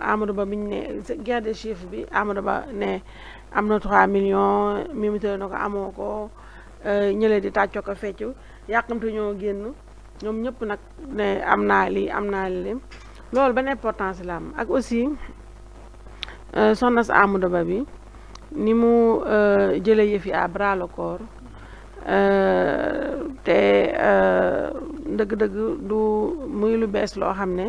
Amadou Ba biñ ne guerre des bi Amadou Ba ne am na 3 millions Mimi Touré na ko amoo ko euh, ñële di tàccoo ko feccu yàqamtu ñoo génn ñoom ñëpp nag ne am naa lii am naa lii loolu ban importance la ak aussi euh, soxna si Amadou Ba bi ni mu euh, jële yëf yi à bras te dëgg-dëgg du muy lu bees loo xam ne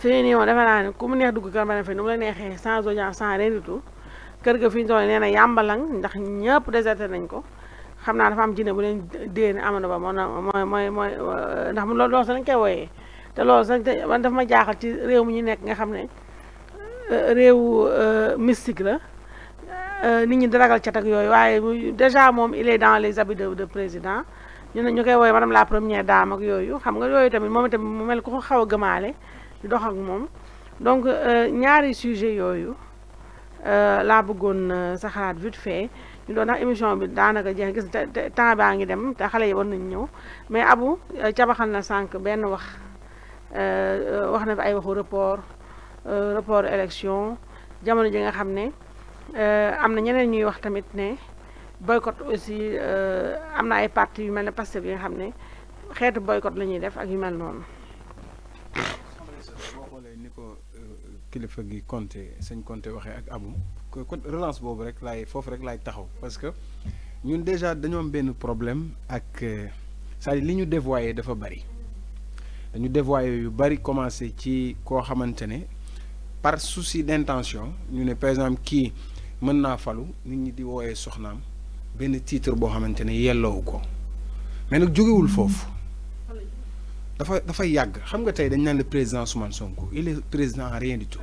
fii nii moom defe naa ne ku mu neex dugg kër Mbengue fii nu mu la neexee sans audience sans rien du tout kër ga fi ñu toll nee na yàmbalang ndax ñëpp déserté nañ ko xam naa dafa am jinne bu leen dee ne Amadou Ba mooy mooy mooy ndax mu loolu sax dañ koy wooyee te loolu sax man dafa ma jaaxal ci réew mi ñu nekk nga xam ne euh, réewu euh, mystique la euh, nit ñi di ragal cat ak yooyu waaye déjà moom il est dans les habits de de président ñu ne ñu koy wooyee madame la première dame ak yooyu xam nga yooyu tamit moom itamit mu mel ku ko xaw a gëmaale dox ak moom donc euh, ñaari sujet yooyu euh, laa bëggoon euh, sa xalaat vite fait ñu doon ndax émission bi daanaka jeex gis temps baa ngi dem te xale yi war nañu ñëw mais abu cabaxal na sànq benn wax wax na fi ay waxu report report élection jamono ji nga xam ne am na ñeneen ñuy wax tamit ne boycott aussi am na ay parti yu mel ne Pastef bi nga xam ne xeetu boycott la ñuy def ak yu mel noonu ko euh, kilifa gi Konté sëñ Konté waxee ak abu ko relance bobu rek lay foofu rek lay taxaw parce que ñun déjà dañu am benn problème ak euh, c'est-à-dire li ñu dévoyé dafa bari dañu dévoyé yu bari commencé ci ko xamante par souci d'intention ñu né par exemple kii mën na falu nit ñi di woyé soxnam benn titre bo xamante yellow ko mais nak jogé wul foofu dafa xam nga le président Ousmane Sonko il est président rien du tout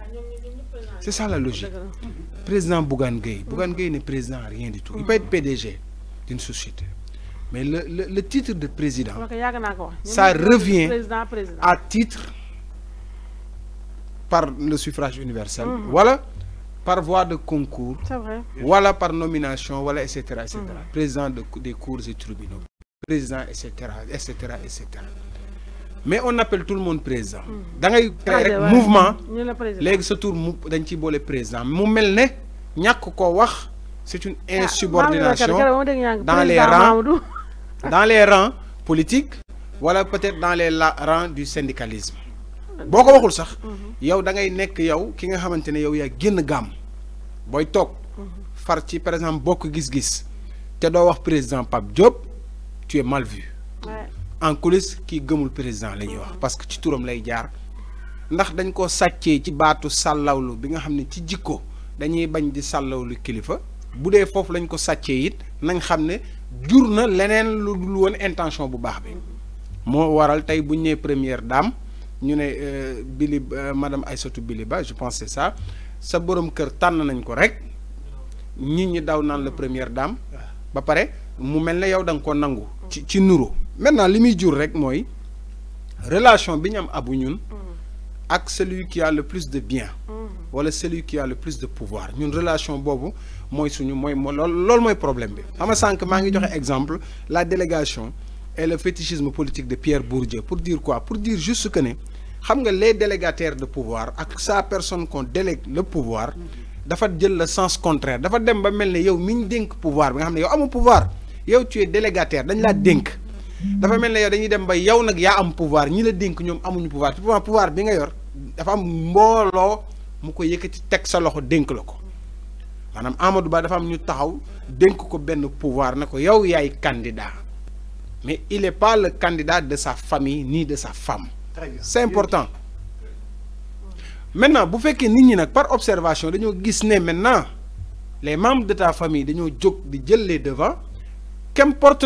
c'est ça la logique président Bougane Gueye Bougane n'est président rien du tout il peut être PDG d'une société mais le titre de président ça revient à titre par le suffrage universel mm-hmm. voilà par voie de concours voilà par nomination voilà etc. etc. Mm-hmm. président des cours et tribunaux président etc. etc etc mais on appelle tout le monde président hmm. da ngay ah, mouvement les ce tour mu dañ ciy boole président mu mel ne ko wax c'est une ah, insubordination dans les rangs dans les rangs politiques Voilà peut-être dans les rangs du syndicalisme ah, boo ko waxul sax mhm. yow da ngay nekk yow ki nga xamante ne yow y génn gàmm gamme. Boy mhm. far ci par exemple bokk gis-gis te dois wax président Pape Diop tu es mal vu en coulisse gomme le président wax parce que ci touram lay jaar ndax dañ ko ci bi nga ci jikko dañuy bañ di lañ ko intention bu bi waral première dame ñu euh, Bili euh, madame Aïssatou Biliba, je pense c'est ça sa borom kër tan nañ ko rek nit ñi daw première dame ba mu yow maintenant limi muy rek moy relation biñ am abu ñun mm. ak celui qui a le plus de bien mm. wala celui qui a le plus de pouvoir ñun relation bobu moy suñu moy moo moy problème bi xam nga ngi joxe exemple la délégation et le fétichisme politique de Pierre Bourdieu pour dire quoi pour dire juste que né xam nga les délégataires de pouvoir ak sa personne qu'on délègue le pouvoir mm. dafa jël le sens contraire dafa dem ba melni yow miñ denk pouvoir bi nga xamné yow amu pouvoir yow tu es délégataire dañ laa dénk il mel ne yow dañuy dem ba yow qui am pouvoir ñi la pouvoir pouvoir bi nga yor am mu pouvoir Il y sa loxo Amadou Ba pouvoir candidat mais il n'est pas le candidat de sa famille ni de sa femme. c'est important maintenant si on nit ñi par observation gis maintenant les membres de ta famille ils ont di qu'importe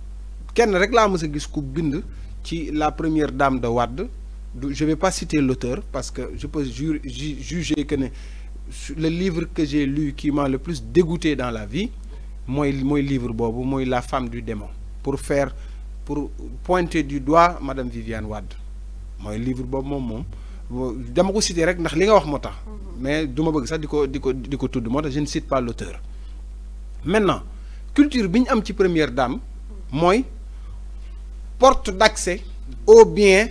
kenn rek laa mës a gis ku bind ci la première dame de Wade du je vais pas citer l'auteur parce que je peux ju juger que ne le livre que j'ai lu qui m'a le plus dégoûté dans la vie mooy mooy livre boobu mooy la femme du démon pour faire pour pointer du doigt madame Viviane Wade mooy livre boobu moom moom dama ko citer rek ndax li nga wax moo tax mais du ma bëgg sax di ko di ko di ko tudd moo tax je ne cite pas l'auteur maintenant culture bi ñu am ci première dame mooy porte d'accès aux bien,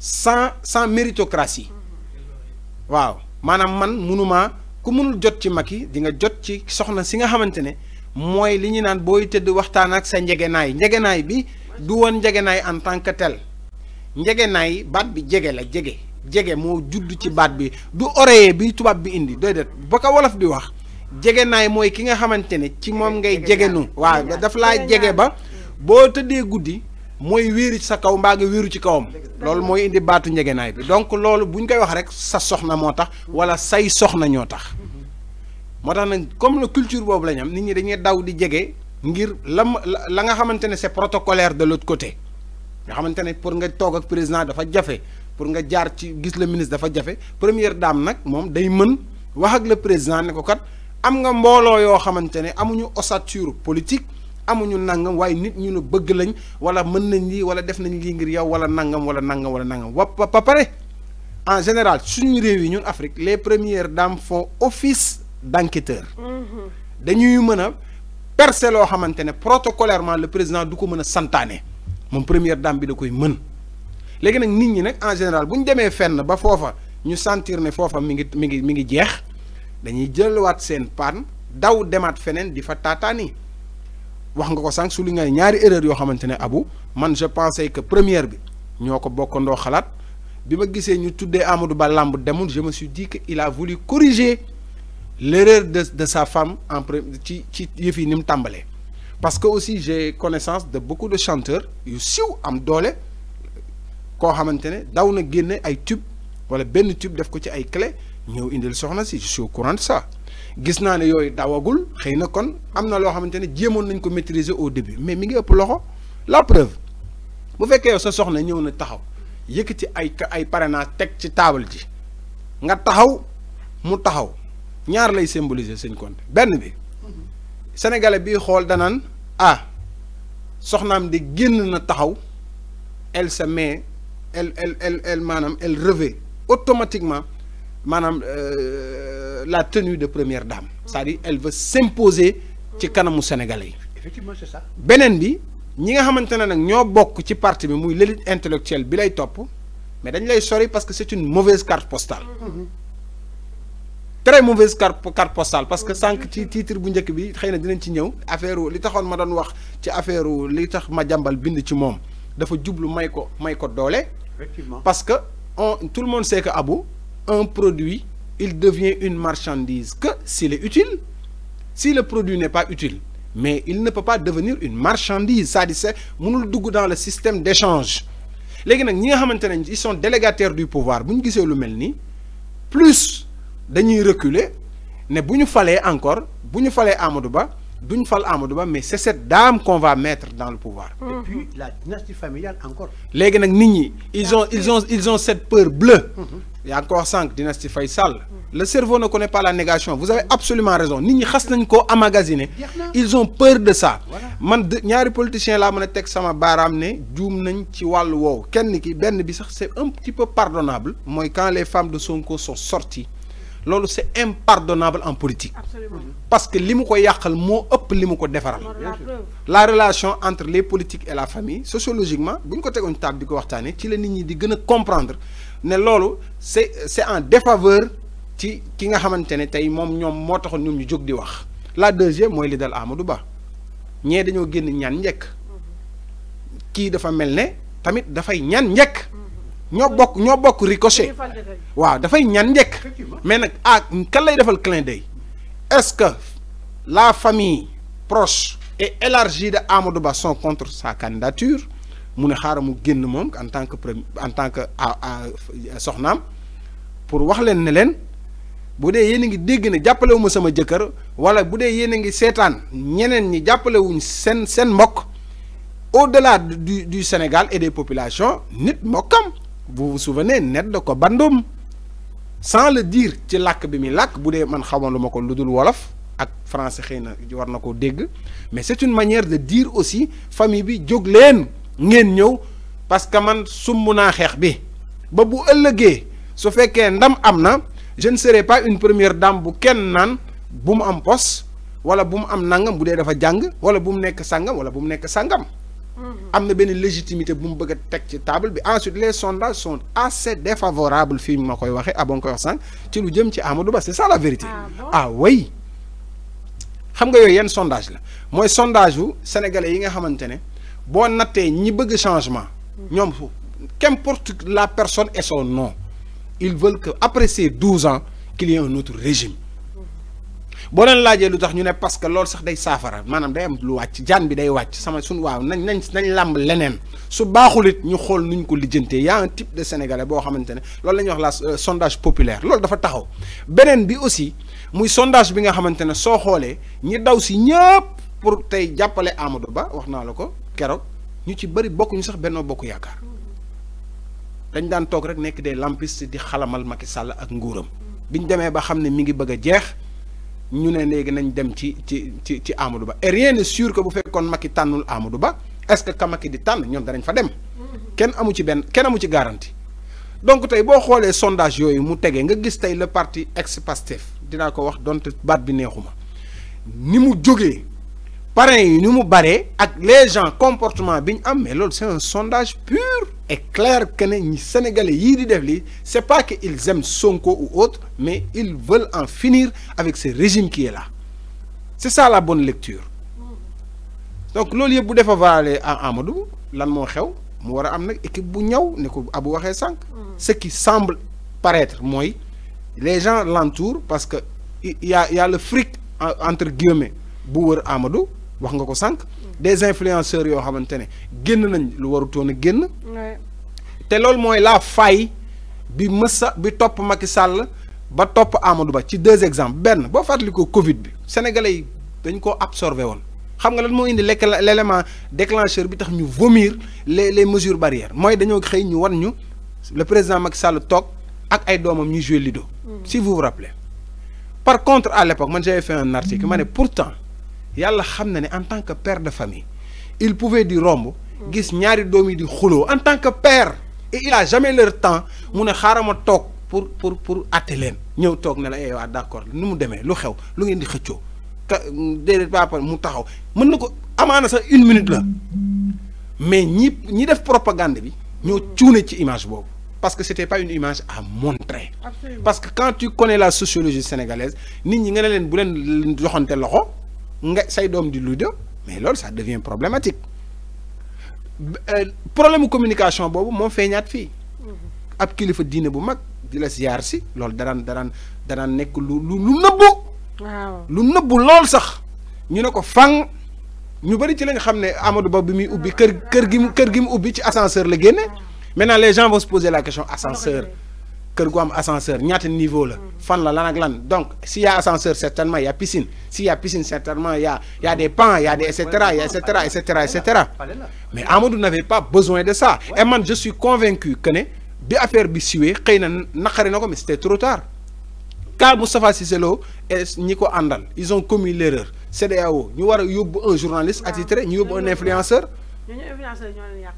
sans sans méritocratie waaw maanaam man munuma ku mënul jot ci mag sohna di nga jot ci soxna si nga xamante ne li ñuy naan waxtaan ak sa njegenaay njegenaay bi du woon njegenaay en tant que tel njegenaay baat bi jege la jege jege mo judd ci baat bi du oreiller bi bi indi déedéet ba baka wolof di wax jegenaay mooy ki nga xamante ci moom ngay jegenu waaw daf fly jege ba boo di gudi. mooy wéeri sa kaw mbaa nga wéeru ci kawam loolu mooy indi baatu njegenaay bi donc loolu bu ñu koy wax rek sa soxna moo tax wala say soxna ñoo tax moo tax nag comme la culture boobu la ñu am nit ñi dañuy daw di jege ngir la la nga xamante ne c'est protocolaire de l'autre côté nga xamante ne pour nga toog ak président dafa jafe pour nga jaar ci gis le ministre dafa jafe première dame nag moom day mën wax ak la président ne ko kat am nga mbooloo yoo xamante ne amuñu ossature politique amuñu nangam waaye nit ñu ne bëgg lañ wala mën nañ lii wala def nañ li ngir yow wala nangam wala nangam wala nangam wa ba pare en général suñu réew yi ñun Afrique les premières dames font office d'enquêteur mm-hmm. dañuy mën a percer loo xamante ne protocolairement le président du ko mëna santané mon première dame bi da koy mën légui nak nit ñi nak en général buñ démé fenn ba fofa ñu sentir né fofa mi ngi mi ngi mi ngi jeex dañuy wat sen panne daw demaat fenen di fa tatani wax nga ko sank su li ñaari erreur yo xamantene ne abu man je pensais que première bi ñoo ko bokkandoo xalaat bi ma ñu tuddé Amadou Ba làmb demul je me suis dit que il a voulu corriger l'erreur de de sa femme en ci ci yëf yi tambalé parce que aussi j'ai connaissance de beaucoup de chanteurs yu siw am doole ko xamantene dawna génné ay tube wala ben tube def ko ci ay clé ñeu indil soxna ci je suis au courant de ça gis naa ne yooyu dawagul xëy na kon am na loo xamante ne jéemoon nañ ko maîtriser au début mais mi ngi ëpp loxo la preuve bu fekkee yow sa soxna ñëw na taxaw yëkkati ay ay parrainage teg ci table ji nga taxaw mu taxaw ñaar lay symboliser sëñ Konté benn bi sénégalais bi xool danaan ah soxnaam di génn na taxaw elle se met elle elle elle elle maanaam elle revêt automatiquement maanaam. Euh, la tenue de première dame c'est-à-dire elle veut s'imposer ci kanamu sénégalais effectivement c'est ça. beneen bi ñi nga xamante ci parti de l'élite intellectuelle bi lay mais dañ lay sori parce que c'est une mauvaise carte postale. très mauvaise carte postale parce que sans ci titre bu njëkk bi xëy na dinañ ci affaire li taxoon ma doon wax ci affaire li tax ma jàmbal bind ci moom dafa jublu may ko may ko effectivement parce que tout le monde sait que Abou un produit il devient une marchandise que s'il est utile. Si le produit n'est pas utile, mais il ne peut pas devenir une marchandise. cest à c'est dans le système d'échange. Ils sont délégataires du pouvoir. Plus, ils reculer. Mais si fallait encore, si nous fallait duñ fal Amadou Ba mais c'est cette dame qu'on va mettre dans le pouvoir. et mhm. puis la dynastie familiale encore. Les nag ils ont ils ont ils ont cette peur bleue. Mhm. y a encore cinq dynastie mhm. le cerveau ne connaît pas la négation vous avez absolument raison Nini ñi a nañ ils ont peur de ça. man ñaari politiciens laa mën a m'a sama baaraam ne nañ ci ki ben bi c'est un petit peu pardonnable. Moi, quand les femmes de Sonko sont sorties lolu c'est impardonnable en politique parce que li mu ko yàqal moo ëpp li la relation entre les politiques et la famille sociologiquement buñ ko table di ko ci la nit ñi di comprendre né lolu c'est c'est en défaveur ci ki nga xamantene tay mom ñom mo moo ñom ñu jog di wax la deuxième moy li dal Amadou Ba ñé dañu genn ñan ñek qui mhm. dafa mel ne tamit dafay ñaan njëkk mhm ñoo bokk ñoo bokk ricochet waaw dafay ñaan njëkk mais nag ah, kan lay defal clin d'œil est-ce que la famille proche et élargie de Amadou Ba sont contre sa candidature mu ne xaaral mu en tant que premier en tant que ah, ah, soxnaam pour wax leen ne leen bu dee yéen a ngi dégg ne jàppale wu ma sama jëkkër wala bu dee ngi seetaan ñeneen ñi jàppale wuñ seen seen au-delà du du Sénégal et des populations nit mokam vous vous souvenez net de ko bandum sans le dire ci làkk bi mi lac bu man xamoon lu ma ko lu wolof ak français xeyna na war na dégg mais c'est une manière de dire aussi famille bi jóg leen ngeen parce que man sumuna xex bi ba bu ëllëgee su féké ndam amna je ne serai pas une première dame bu kenn nan bu mu am poste wala bu mu am nangam bu dafa jang wala bu mu nekk sàngam wala bu mu nekk y mm-hmm. a une légitimité pour mu texte table ensuite les sondages sont assez défavorables film ma koy tu nous koy c'est ça la vérité ah, ah oui il y a un sondage la le sondage un sénégalais yi nga xamante ne boo ñi bëgg changement mm-hmm. qu'importe la personne et son nom ils veulent qu'après ces 12 ans qu'il y ait un autre régime bo len laaje lutax ñu ne parce que lool sax day safara manam day am lu wacc jaan bi day wacc sama sun waaw nañ nañ nañ lenen lenen su baxulit ñu xol nuñ ko lijeenté ya un type de sénégalais bo xamantene ne lañ wax la euh, sondage populaire lool dafa taxaw benen bi aussi muy sondage bi nga xamantene so xolé ñi daw si ñepp pour tay jappalé Amadou Ba wax naa la ko kéro ñu ci bokku ñu sax benno bokku yaakar dañ dan tok rek nek des lampistes di xalamal Macky Sall ak nguuram biñ démé ba xamné ne mi ngi bëgg ñu ne léegi nañ dem ci ci ci ci Amadou Ba et rien n'est sûr que bu fekkoon Macky tànnul Amadou Ba est-ce que kamaki di tànn ñoom danañ fa dem mm-hmm. ken amu ci ben ken amu ci garantie donc tay bo xolé sondage yooyu mu tégué nga gis tay le parti ex-Pastef dina ko wax donte bat bi neexuma ni mu joggé parrain yi ni mu baree ak les gens comportement am mais l'autre c'est un sondage pur et clair que les sénégalais yii di def c'est pas que ils aiment Sonko ou autre mais ils veulent en finir avec ce régime qui est là c'est ça la bonne lecture donc loolu yëpp bu aller à Amadou lan moo xew mu war am ne ko abu waxee Sank. Mm. ce qui semble paraître mooy les gens l'entourent parce que il y a y a le fric entre guillemets bu Amadou wax nga ko sank des influenceurs yo xamantene genn nañ lu warutoon a génn té lol moy la faille bi meussa bi top Macky Sall ba top Amadou Ba ci deux exemples Ben, bo fàttali Covid bi sénégalais dañ ko absorber. woon xam nga lan mo indi l'élément déclencheur bi tax ñu vomir les les mesures barrières moy dañu xey ñu wan ñu le président Macky Sall toog ak ay domam ñuy joué Lido. Mm. si vous vous rappelez par contre à l'époque man j'avais fait un article ma pourtant yalla en tant que père de famille il pouvait di rombo gis ñaari domi di en tant que père et il a jamais leur temps mu ne tok pour pour pour ñeu tok la eh mu démé lu xew lu ngeen di papa mu taxaw na minute la mais ñi ñi def propagande bi image parce que c'était pas une image à montrer parce que quand tu connais la sociologie sénégalaise nit ñi bu nga say doom di lu mais loolu ça devient problématique euh, problème communication boobu moom feeñaat fii mm-hmm. ab kilifa diine bu mag di la ziar si loolu daraan daraan daraan nekk lu lu lu nëbbu waaw lu nëbbu lool sax ñu ne ko fang ñu bëri ci la nga xam ne Amadou Ba bi muy ubbi kër kër gi mu gi mu ubbi ci ascenseur le génne mm-hmm. maintenant les gens vont se poser la question ascenseur kër gu am ascenseur ñaata niveau la fan la lan ak lan donc s'il y a ascenseur certainement il y a piscine s'il y a piscine certainement il y a il y a des pans il y a des et cetera et cetera et cetera et cetera mais Amadou n'avait pas besoin de ça et man je suis convaincu que ne bi affaire bi siwee na naqari mais c'était trop tard car Moustapha sisselo est et nico andal ils ont commis l'erreur c'est ñu wara avons un journaliste attitré ñu avons un influenceur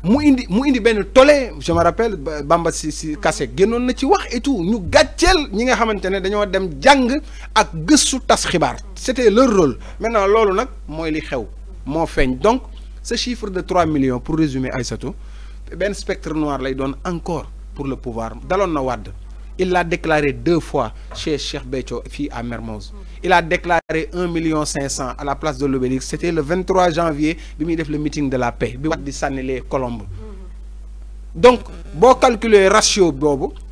mu indi mu indi tolé je me rappelle Bamba si si cassé. génnoon na ci wax et tout ñu gàcceel ñi nga xamante ne dem ak tas c'était leur rôle maintenant nak, li xew donc ce chiffre de 3 millions pour résumer Aïssatou Ben, spectre noir lay donne encore pour le pouvoir Dalon na il l'a déclaré deux fois chez Cheikh Becho, fille à Mermoz. Il a déclaré 1,5 million à la place de l'obélix. C'était le 23 janvier, il a le meeting de la paix. Il a dit les colombes. Donc, si calculer le ratio,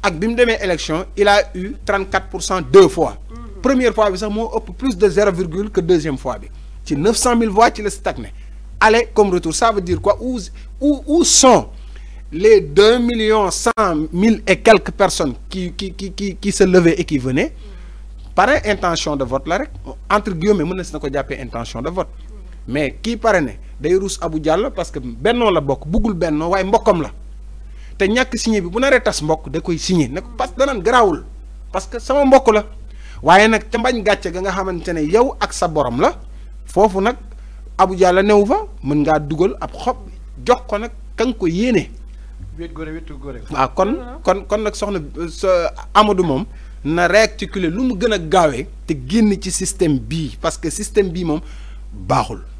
avec de élection, il a eu 34% deux fois. Première fois, eu plus de 0, que deuxième fois. 900 000 voix qui le stagné. Allez comme retour, ça veut dire quoi où sont les 2 millions 100 000 et quelques personnes qui, qui, qui, qui, qui se levaient et qui venaient, parrain intention de vote la entre guillemets mën na na ko jàppee intention de vote mais qui parrainé des Rousse Abou Diallo parce que Benno la bok, buggul Benno, waaye Mbokom la te que signé bi bu naree tas de da koy signé ne pas parce que parce que ça Mbok la waaye nag ca mbañ gàcce ga nga xamante ne yow ak sa borom la foofu nag Abou Diallo newu fa mën ngaa dugal ab xob jox ko nag ka nga waa ah, kon kon kon nag soxna Amadou moom na réarticuler lu mu gën a gaawee te génn ci système bii parce que système bii moom baaxul